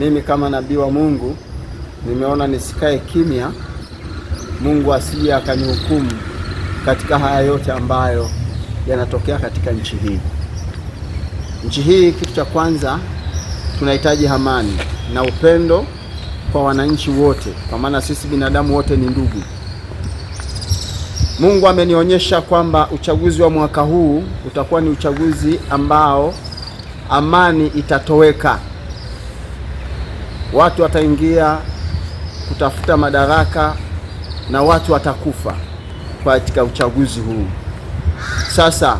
mimi kama nabii wa Mungu nimeona nisikae kimya, Mungu asije akanihukumu katika haya yote ambayo yanatokea katika nchi hii. Nchi hii, kitu cha kwanza tunahitaji amani na upendo kwa wananchi wote, kwa maana sisi binadamu wote ni ndugu. Mungu amenionyesha kwamba uchaguzi wa mwaka huu utakuwa ni uchaguzi ambao amani itatoweka watu wataingia kutafuta madaraka na watu watakufa katika uchaguzi huu. Sasa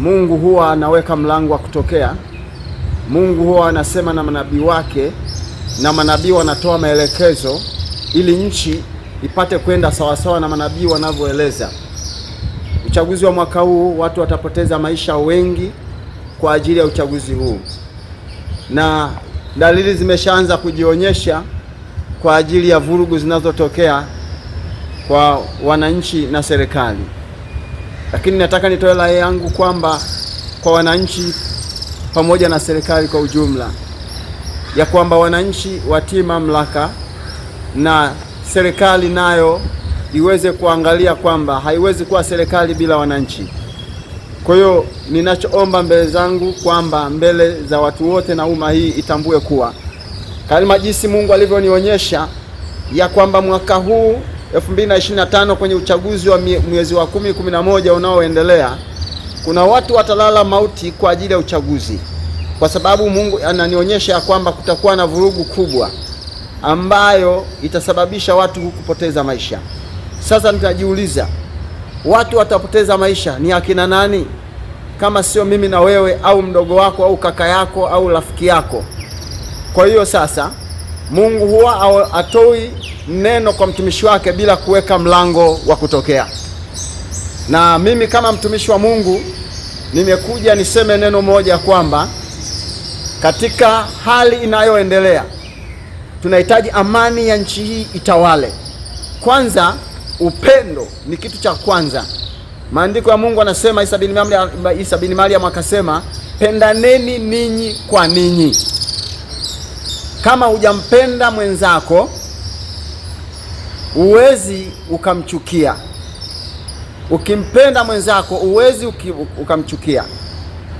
Mungu huwa anaweka mlango wa kutokea. Mungu huwa anasema na manabii wake, na manabii wanatoa maelekezo ili nchi ipate kwenda sawasawa na manabii wanavyoeleza. Uchaguzi wa mwaka huu watu watapoteza maisha wengi kwa ajili ya uchaguzi huu, na dalili zimeshaanza kujionyesha kwa ajili ya vurugu zinazotokea kwa wananchi na serikali. Lakini nataka nitoe rai yangu kwamba kwa wananchi pamoja na serikali kwa ujumla, ya kwamba wananchi watii mamlaka na serikali nayo iweze kuangalia kwamba haiwezi kuwa serikali bila wananchi. Kwa hiyo ninachoomba mbele zangu kwamba mbele za watu wote na umma hii itambue kuwa kama jinsi Mungu alivyonionyesha ya kwamba mwaka huu 2025 kwenye uchaguzi wa mwezi wa 10 11 unaoendelea kuna watu watalala mauti kwa ajili ya uchaguzi, kwa sababu Mungu ananionyesha ya kwamba kutakuwa na vurugu kubwa ambayo itasababisha watu kupoteza maisha. Sasa nitajiuliza watu watapoteza maisha ni akina nani kama sio mimi na wewe au mdogo wako au kaka yako au rafiki yako? Kwa hiyo sasa, Mungu huwa atoi neno kwa mtumishi wake bila kuweka mlango wa kutokea. Na mimi kama mtumishi wa Mungu nimekuja niseme neno moja kwamba katika hali inayoendelea tunahitaji amani ya nchi hii itawale kwanza upendo ni kitu cha kwanza. Maandiko ya Mungu anasema, Isa bin Maryam akasema, pendaneni ninyi kwa ninyi. Kama hujampenda mwenzako huwezi ukamchukia, ukimpenda mwenzako huwezi ukamchukia.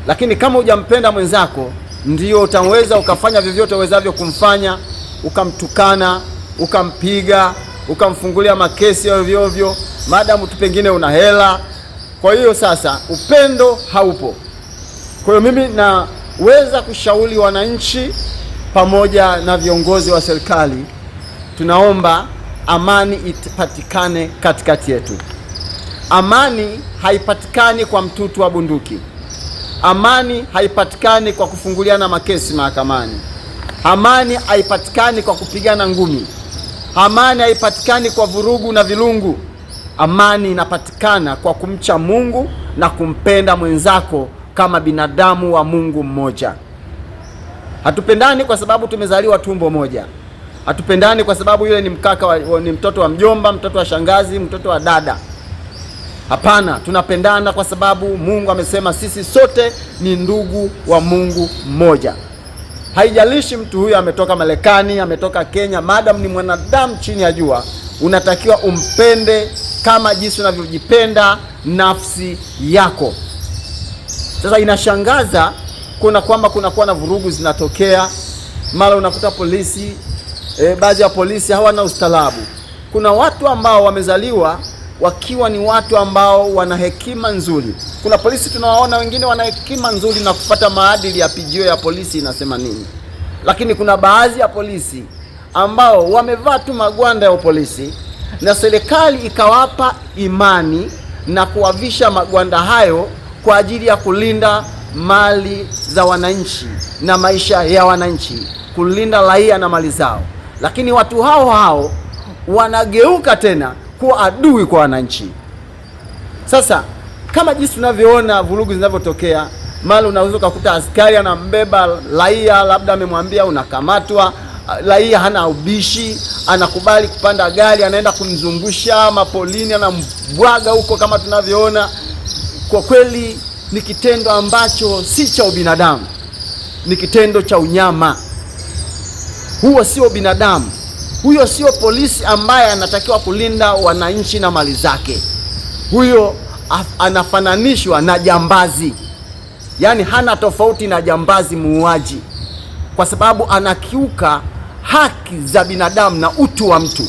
Lakini kama hujampenda mwenzako, ndio utaweza ukafanya vyovyote uwezavyo kumfanya, ukamtukana, ukampiga ukamfungulia makesi ovyo ovyo, madamu tu pengine una hela. Kwa hiyo sasa upendo haupo. Kwa hiyo mimi naweza kushauri wananchi pamoja na viongozi wa serikali, tunaomba amani ipatikane katikati yetu. Amani haipatikani kwa mtutu wa bunduki. Amani haipatikani kwa kufunguliana makesi mahakamani. Amani haipatikani kwa kupigana ngumi. Amani haipatikani kwa vurugu na vilungu. Amani inapatikana kwa kumcha Mungu na kumpenda mwenzako kama binadamu wa Mungu mmoja. Hatupendani kwa sababu tumezaliwa tumbo moja. Hatupendani kwa sababu yule ni mkaka wa, ni mtoto wa mjomba, mtoto wa shangazi, mtoto wa dada. Hapana, tunapendana kwa sababu Mungu amesema sisi sote ni ndugu wa Mungu mmoja. Haijalishi mtu huyo ametoka Marekani, ametoka Kenya, madam ni mwanadamu chini ya jua, unatakiwa umpende kama jinsi unavyojipenda nafsi yako. Sasa inashangaza kuna kwamba kunakuwa na vurugu zinatokea, mara unakuta polisi e, baadhi ya polisi hawana ustaarabu. Kuna watu ambao wamezaliwa wakiwa ni watu ambao wana hekima nzuri kuna polisi tunawaona wengine wana hekima nzuri na kupata maadili ya PGO ya polisi inasema nini, lakini kuna baadhi ya polisi ambao wamevaa tu magwanda ya upolisi na serikali ikawapa imani na kuwavisha magwanda hayo kwa ajili ya kulinda mali za wananchi na maisha ya wananchi, kulinda raia na mali zao, lakini watu hao hao wanageuka tena kuwa adui kwa wananchi. Sasa kama jinsi tunavyoona vurugu zinavyotokea, mara unaweza ukakuta askari anambeba raia, labda amemwambia unakamatwa. Raia hana ubishi, anakubali kupanda gari, anaenda kumzungusha mapolini, anambwaga huko kama tunavyoona. Kwa kweli ni kitendo ambacho si cha ubinadamu, ni kitendo cha unyama. Huo sio binadamu, huyo sio polisi ambaye anatakiwa kulinda wananchi na mali zake. Huyo anafananishwa na jambazi, yaani hana tofauti na jambazi muuaji, kwa sababu anakiuka haki za binadamu na utu wa mtu.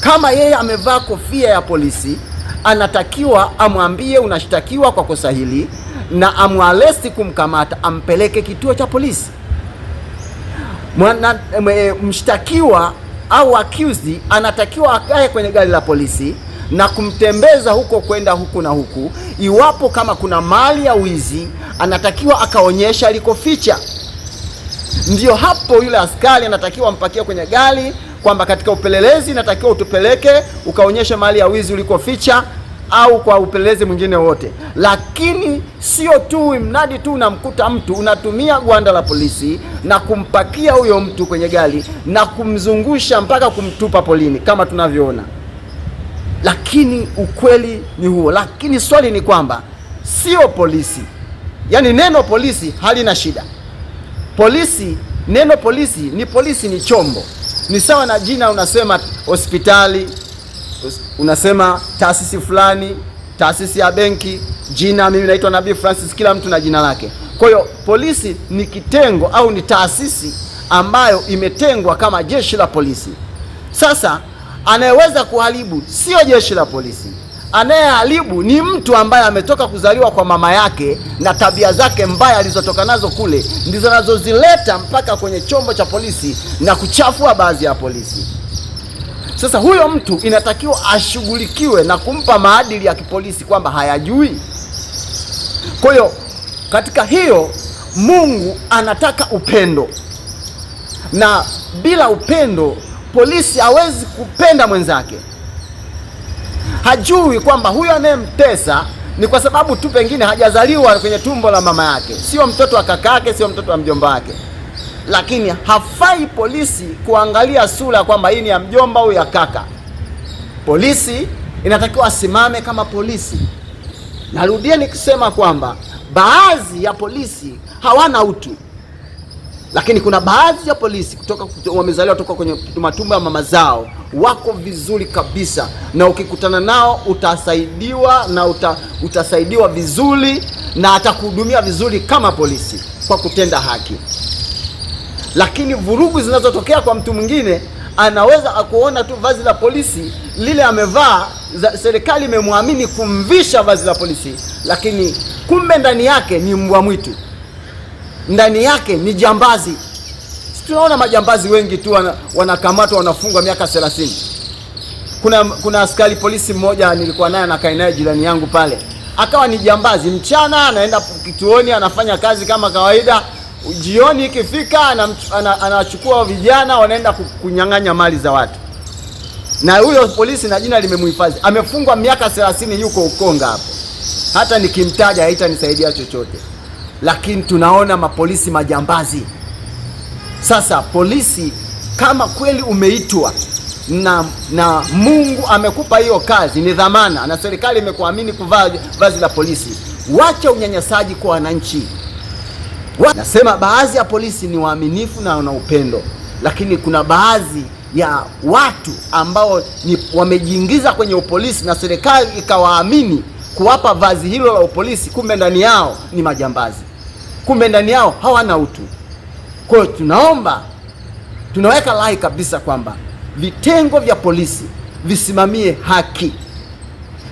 Kama yeye amevaa kofia ya polisi, anatakiwa amwambie unashtakiwa kwa kosa hili, na amwalesti kumkamata, ampeleke kituo cha polisi. Eh, mshtakiwa au accused anatakiwa akae kwenye gari la polisi na kumtembeza huko kwenda huku na huku. Iwapo kama kuna mali ya wizi, anatakiwa akaonyesha alikoficha. Ndiyo hapo yule askari anatakiwa ampakie kwenye gari, kwamba katika upelelezi natakiwa utupeleke ukaonyeshe mali ya wizi ulikoficha au kwa upelelezi mwingine wote. Lakini sio tu mnadi tu unamkuta mtu, unatumia gwanda la polisi na kumpakia huyo mtu kwenye gari na kumzungusha mpaka kumtupa polini kama tunavyoona lakini ukweli ni huo. Lakini swali ni kwamba sio polisi, yaani neno polisi halina shida. Polisi, neno polisi ni polisi, ni chombo, ni sawa na jina. Unasema hospitali, unasema taasisi fulani, taasisi ya benki, jina. Mimi naitwa Nabii Francis, kila mtu na jina lake. Kwa hiyo polisi ni kitengo au ni taasisi ambayo imetengwa kama jeshi la polisi. Sasa Anayeweza kuharibu sio jeshi la polisi. Anayeharibu ni mtu ambaye ametoka kuzaliwa kwa mama yake na tabia zake mbaya alizotoka nazo kule ndizo anazozileta mpaka kwenye chombo cha polisi na kuchafua baadhi ya polisi. Sasa huyo mtu inatakiwa ashughulikiwe na kumpa maadili ya kipolisi kwamba hayajui. Kwa hiyo katika hiyo Mungu anataka upendo, na bila upendo Polisi hawezi kupenda mwenzake, hajui kwamba huyo anayemtesa ni kwa sababu tu pengine hajazaliwa kwenye tumbo la mama yake, sio mtoto wa kaka yake, sio mtoto wa mjomba wake. Lakini hafai polisi kuangalia sura kwamba hii ni ya mjomba au ya kaka. Polisi inatakiwa asimame kama polisi. Narudia nikisema kwamba baadhi ya polisi hawana utu lakini kuna baadhi ya polisi kutoka wamezaliwa toka kwenye matumbo ya mama zao, wako vizuri kabisa, na ukikutana nao utasaidiwa na uta, utasaidiwa vizuri na atakuhudumia vizuri kama polisi kwa kutenda haki. Lakini vurugu zinazotokea kwa mtu mwingine, anaweza akuona tu vazi la polisi lile amevaa, serikali imemwamini kumvisha vazi la polisi, lakini kumbe ndani yake ni mbwa mwitu ndani yake ni jambazi. Tunaona majambazi wengi tu wanakamatwa, wanafungwa miaka 30. Kuna kuna askari polisi mmoja nilikuwa naye anakaa naye jirani yangu pale, akawa ni jambazi. Mchana anaenda kituoni anafanya kazi kama kawaida, jioni ikifika anachukua vijana wanaenda kunyang'anya mali za watu, na huyo polisi na jina limemhifadhi, amefungwa miaka 30, yuko Ukonga hapo. Hata nikimtaja haitanisaidia chochote lakini tunaona mapolisi majambazi. Sasa polisi, kama kweli umeitwa na, na Mungu amekupa hiyo kazi, ni dhamana na serikali imekuamini kuvaa vazi la polisi, wacha unyanyasaji kwa wananchi. Nasema baadhi ya polisi ni waaminifu na wana upendo, lakini kuna baadhi ya watu ambao wamejiingiza kwenye upolisi na serikali ikawaamini kuwapa vazi hilo la upolisi, kumbe ndani yao ni majambazi kumbe ndani yao hawana utu. Kwa hiyo tunaomba, tunaweka rai kabisa kwamba vitengo vya polisi visimamie haki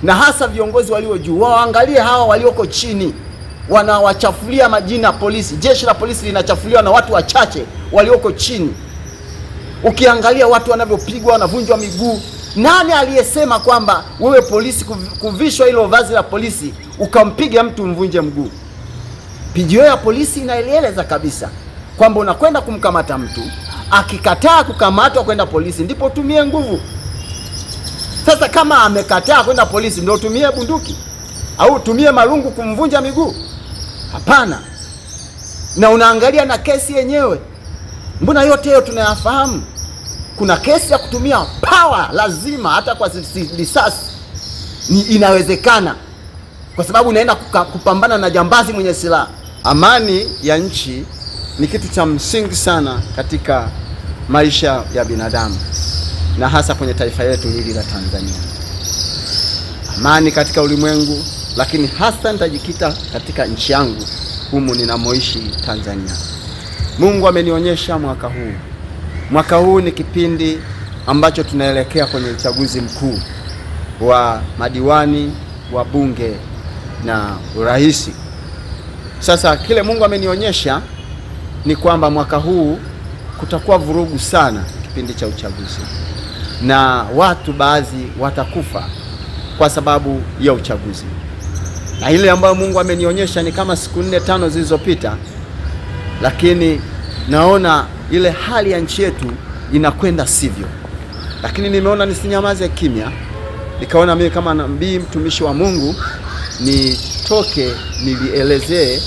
na hasa viongozi walio juu waangalie hawa walioko chini, wanawachafulia majina polisi. Jeshi la polisi linachafuliwa na watu wachache walioko chini. Ukiangalia watu wanavyopigwa, wanavunjwa miguu. Nani aliyesema kwamba wewe polisi kuvishwa hilo vazi la polisi ukampiga mtu mvunje mguu? PGO ya polisi inaeleza kabisa kwamba unakwenda kumkamata mtu, akikataa kukamatwa kwenda polisi ndipo utumie nguvu. Sasa kama amekataa kwenda polisi, ndio utumie bunduki au utumie marungu kumvunja miguu? Hapana. Na unaangalia na kesi yenyewe, mbona yote hiyo tunayafahamu. Kuna kesi ya kutumia power, lazima hata kwa risasi ni inawezekana, kwa sababu unaenda kupambana na jambazi mwenye silaha. Amani ya nchi ni kitu cha msingi sana katika maisha ya binadamu na hasa kwenye taifa letu hili la Tanzania. Amani katika ulimwengu, lakini hasa nitajikita katika nchi yangu humu ninamoishi Tanzania. Mungu amenionyesha mwaka huu. Mwaka huu ni kipindi ambacho tunaelekea kwenye uchaguzi mkuu wa madiwani, wa bunge na urais. Sasa kile Mungu amenionyesha ni kwamba mwaka huu kutakuwa vurugu sana kipindi cha uchaguzi, na watu baadhi watakufa kwa sababu ya uchaguzi. Na ile ambayo Mungu amenionyesha ni kama siku nne tano zilizopita, lakini naona ile hali ya nchi yetu inakwenda sivyo, lakini nimeona nisinyamaze kimya, nikaona mimi kama nabii mtumishi wa Mungu ni nitoke nilielezee,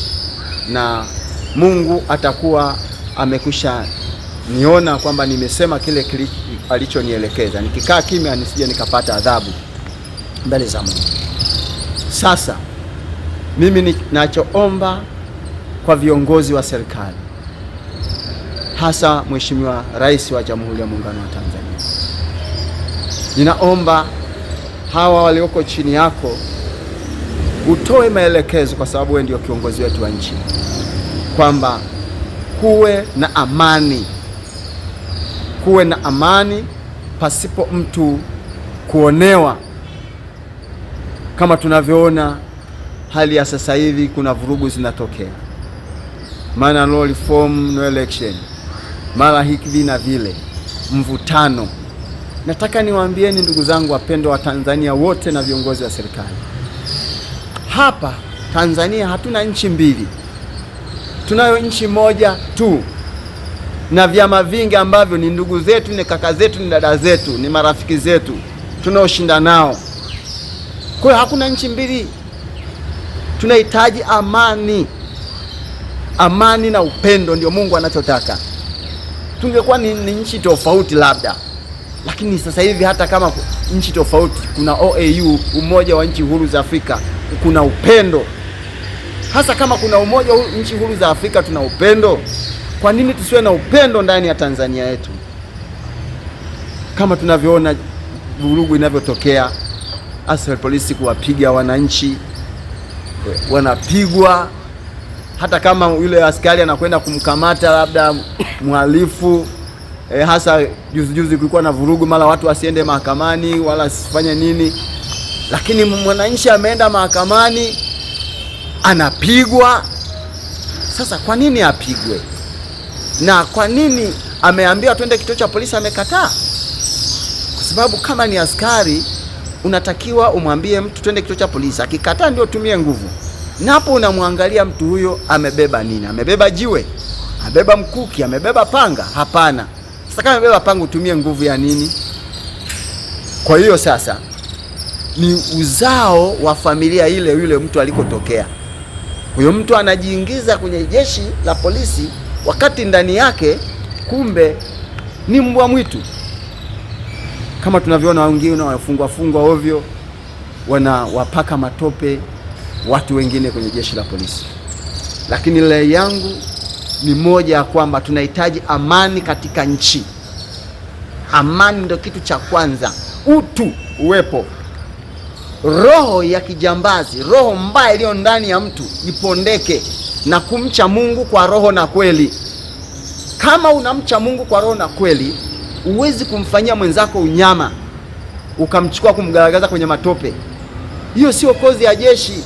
na Mungu atakuwa amekusha niona kwamba nimesema kile alichonielekeza. Nikikaa kimya, nisije nikapata adhabu mbele za Mungu. Sasa mimi ninachoomba kwa viongozi wa serikali, hasa Mheshimiwa Rais wa Jamhuri ya Muungano wa Tanzania, ninaomba hawa walioko chini yako utoe maelekezo, kwa sababu wewe ndio kiongozi wetu wa nchi, kwamba kuwe na amani, kuwe na amani pasipo mtu kuonewa, kama tunavyoona hali ya sasa hivi, kuna vurugu zinatokea, maana no reform no election, mara hivi na vile, mvutano. Nataka niwaambieni ndugu zangu wapendwa wa Tanzania wote na viongozi wa serikali hapa Tanzania hatuna nchi mbili, tunayo nchi moja tu, na vyama vingi ambavyo ni ndugu zetu, ni kaka zetu, ni dada zetu, ni marafiki zetu tunaoshinda nao. Kwa hiyo hakuna nchi mbili, tunahitaji amani. Amani na upendo ndio Mungu anachotaka. Tungekuwa ni, ni nchi tofauti labda, lakini sasa hivi hata kama nchi tofauti kuna OAU, Umoja wa Nchi Huru za Afrika kuna upendo, hasa kama kuna umoja. Nchi huru za Afrika tuna upendo, kwa nini tusiwe na upendo ndani ya Tanzania yetu, kama tunavyoona vurugu inavyotokea, askari polisi kuwapiga wananchi, wanapigwa hata kama yule askari anakwenda kumkamata labda mhalifu e, hasa juzi juzi kulikuwa na vurugu, mara watu wasiende mahakamani wala sifanye nini lakini mwananchi ameenda mahakamani anapigwa. Sasa kwa nini apigwe? Na kwa nini ameambiwa twende kituo cha polisi amekataa? Kwa sababu kama ni askari unatakiwa umwambie mtu twende kituo cha polisi, akikataa ndio tumie nguvu. Napo unamwangalia mtu huyo amebeba nini? Amebeba jiwe, amebeba mkuki, amebeba panga? Hapana. Sasa kama amebeba panga utumie nguvu ya nini? Kwa hiyo sasa ni uzao wa familia ile yule mtu alikotokea. Huyo mtu anajiingiza kwenye jeshi la polisi, wakati ndani yake kumbe ni mbwa mwitu, kama tunavyoona wengine wanafungwa fungwa ovyo, wanawapaka matope watu wengine kwenye jeshi la polisi. Lakini rai yangu ni moja ya kwamba tunahitaji amani katika nchi. Amani ndio kitu cha kwanza, utu uwepo roho ya kijambazi, roho mbaya iliyo ndani ya mtu ipondeke na kumcha Mungu kwa roho na kweli. Kama unamcha Mungu kwa roho na kweli, huwezi kumfanyia mwenzako unyama ukamchukua kumgaragaza kwenye matope. Hiyo sio kozi ya jeshi,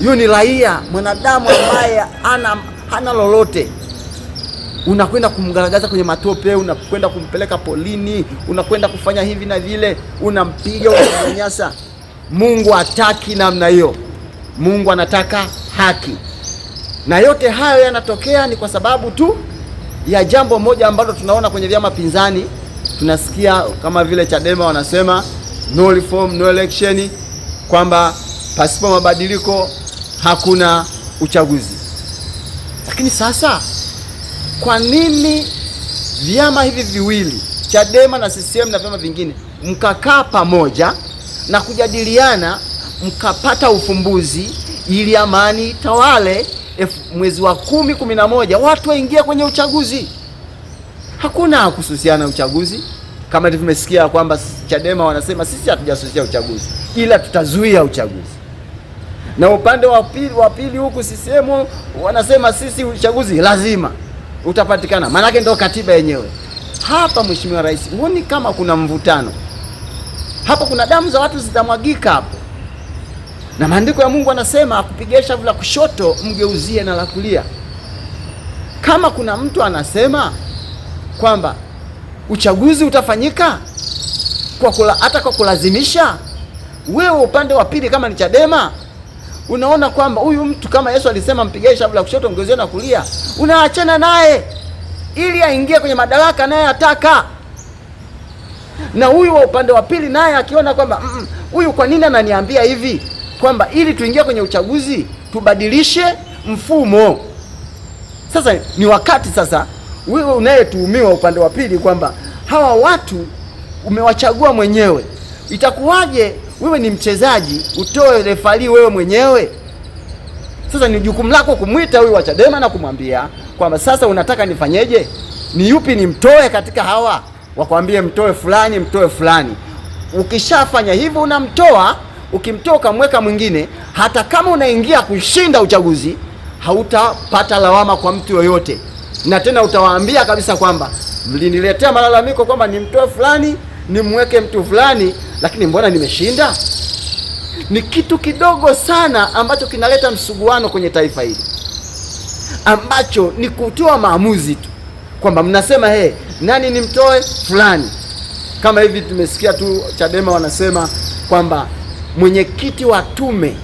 hiyo ni raia mwanadamu ambaye hana hana lolote unakwenda kumgaragaza kwenye matope, unakwenda kumpeleka polini, unakwenda kufanya hivi na vile, unampiga, unamnyanyasa. Mungu hataki namna hiyo. Mungu anataka haki, na yote hayo yanatokea ni kwa sababu tu ya jambo moja ambalo tunaona kwenye vyama pinzani. Tunasikia kama vile Chadema wanasema no reform, no election, kwamba pasipo mabadiliko hakuna uchaguzi. Lakini sasa kwa nini vyama hivi viwili Chadema na CCM na vyama vingine mkakaa pamoja na kujadiliana mkapata ufumbuzi ili amani tawale. Mwezi wa kumi kumi na moja watu waingia kwenye uchaguzi. Hakuna kususiana uchaguzi, kama tumesikia kwamba Chadema wanasema sisi hatujasusia uchaguzi, ila tutazuia uchaguzi, na upande wa pili wa pili huku CCM wanasema sisi uchaguzi lazima utapatikana, maanake ndo katiba yenyewe. Hapa Mheshimiwa Rais, huoni kama kuna mvutano? hapo kuna damu za watu zitamwagika hapo, na maandiko ya Mungu anasema akupigia shavu la kushoto mgeuzie na la kulia. Kama kuna mtu anasema kwamba uchaguzi utafanyika kwa kula, hata kwa kulazimisha, wewe upande wa pili kama ni Chadema unaona kwamba huyu mtu kama Yesu alisema mpigie shavu la kushoto mgeuzie na kulia, unaachana naye ili aingie kwenye madaraka naye ataka na huyu wa upande wa pili naye akiona kwamba huyu, kwa nini ananiambia hivi, kwamba ili tuingie kwenye uchaguzi tubadilishe mfumo. Sasa ni wakati sasa, wewe unayetuhumiwa upande wa pili kwamba hawa watu umewachagua mwenyewe, itakuwaje wewe ni mchezaji utoe refali wewe mwenyewe? Sasa ni jukumu lako kumwita huyu wa Chadema na kumwambia kwamba sasa unataka nifanyeje, ni yupi nimtoe katika hawa wakwambie mtoe fulani, mtoe fulani. Ukishafanya hivyo unamtoa, ukimtoa ukamweka mwingine, hata kama unaingia kushinda uchaguzi hautapata lawama kwa mtu yoyote, na tena utawaambia kabisa kwamba mliniletea malalamiko kwamba nimtoe fulani nimweke mtu fulani, lakini mbona nimeshinda? Ni kitu kidogo sana ambacho kinaleta msuguano kwenye taifa hili, ambacho ni kutoa maamuzi tu kwamba mnasema hey, nani nimtoe fulani. Kama hivi tumesikia tu Chadema wanasema kwamba mwenyekiti wa tume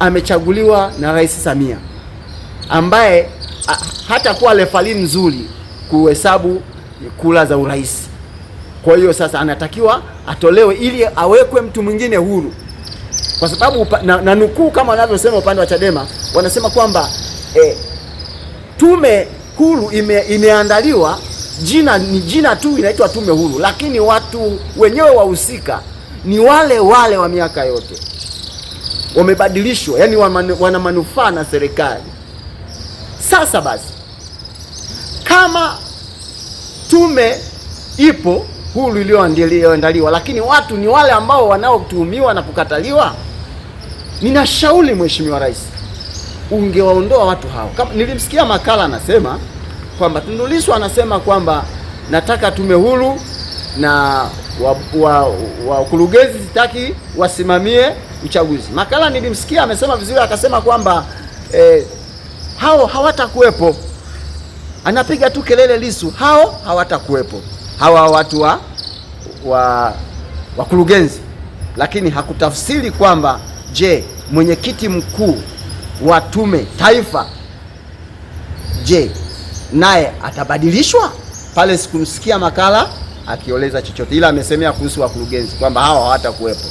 amechaguliwa na Rais Samia ambaye hata kuwa lefali nzuri kuhesabu kula za urais. Kwa hiyo sasa anatakiwa atolewe ili awekwe mtu mwingine huru, kwa sababu na, na nukuu kama wanavyosema upande wa Chadema wanasema kwamba eh, tume huru ime, imeandaliwa jina ni jina tu, inaitwa tume huru, lakini watu wenyewe wahusika ni wale wale wa miaka yote, wamebadilishwa, yani wana manufaa na serikali. Sasa basi, kama tume ipo huru iliyoandaliwa, lakini watu ni wale ambao wanaotuhumiwa na kukataliwa, ninashauri Mheshimiwa Rais, ungewaondoa watu hao. Kama nilimsikia makala anasema kwamba Tundu Lissu anasema kwamba nataka tume huru na wakurugenzi wa, wa, sitaki wasimamie uchaguzi. Makala nilimsikia amesema vizuri, akasema kwamba eh, hao hawatakuwepo. Anapiga tu kelele Lissu, hao hawatakuwepo, hawa watu wa wa wakurugenzi, lakini hakutafsiri kwamba je, mwenyekiti mkuu wa tume taifa, je naye atabadilishwa? Pale sikumsikia makala akioleza chochote, ila amesemea kuhusu wakurugenzi kwamba hawa hawatakuwepo.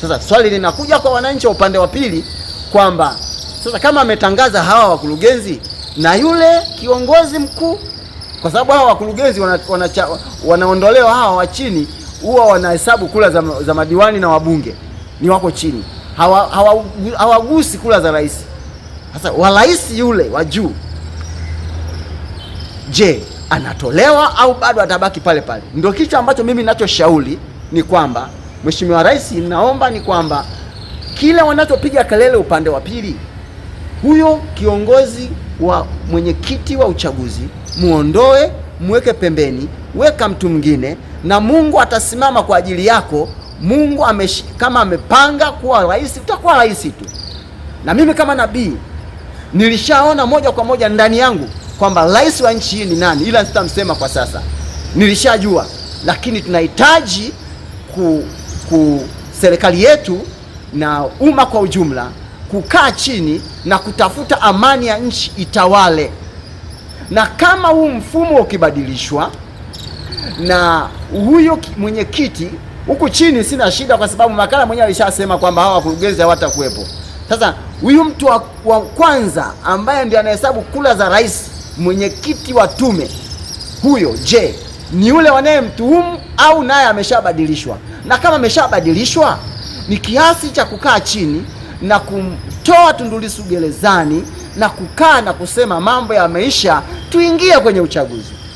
Sasa swali linakuja kwa wananchi wa upande wa pili kwamba sasa kama ametangaza hawa wakurugenzi na yule kiongozi mkuu, kwa sababu hawa wakurugenzi wanaondolewa hawa wa chini huwa wanahesabu kula za, za madiwani na wabunge ni wako chini, hawagusi hawa, hawa kula za rais. Sasa wa rais yule wa juu Je, anatolewa au bado atabaki pale pale? Ndio kitu ambacho mimi ninachoshauri ni kwamba Mheshimiwa Rais, naomba ni kwamba kila wanachopiga kelele upande wa pili, huyo kiongozi wa mwenyekiti wa uchaguzi muondoe, muweke pembeni, weka mtu mwingine, na Mungu atasimama kwa ajili yako. Mungu amesh, kama amepanga kuwa rais utakuwa rais tu, na mimi kama nabii nilishaona moja kwa moja ndani yangu kwamba rais wa nchi hii ni nani, ila sitamsema kwa sasa, nilishajua. Lakini tunahitaji ku, ku serikali yetu na umma kwa ujumla kukaa chini na kutafuta amani ya nchi itawale, na kama huu mfumo ukibadilishwa na huyo mwenyekiti huku chini, sina shida, kwa sababu makala mwenyewe alishasema kwamba hawa wakurugenzi hawatakuwepo. Sasa huyu mtu wa, wa kwanza ambaye ndiye anahesabu kula za rais mwenyekiti wa tume huyo, je, ni yule wanayemtuhumu au naye ameshabadilishwa? Na kama ameshabadilishwa, ni kiasi cha kukaa chini na kumtoa Tundu Lissu gerezani na kukaa na kusema mambo yameisha, tuingie kwenye uchaguzi.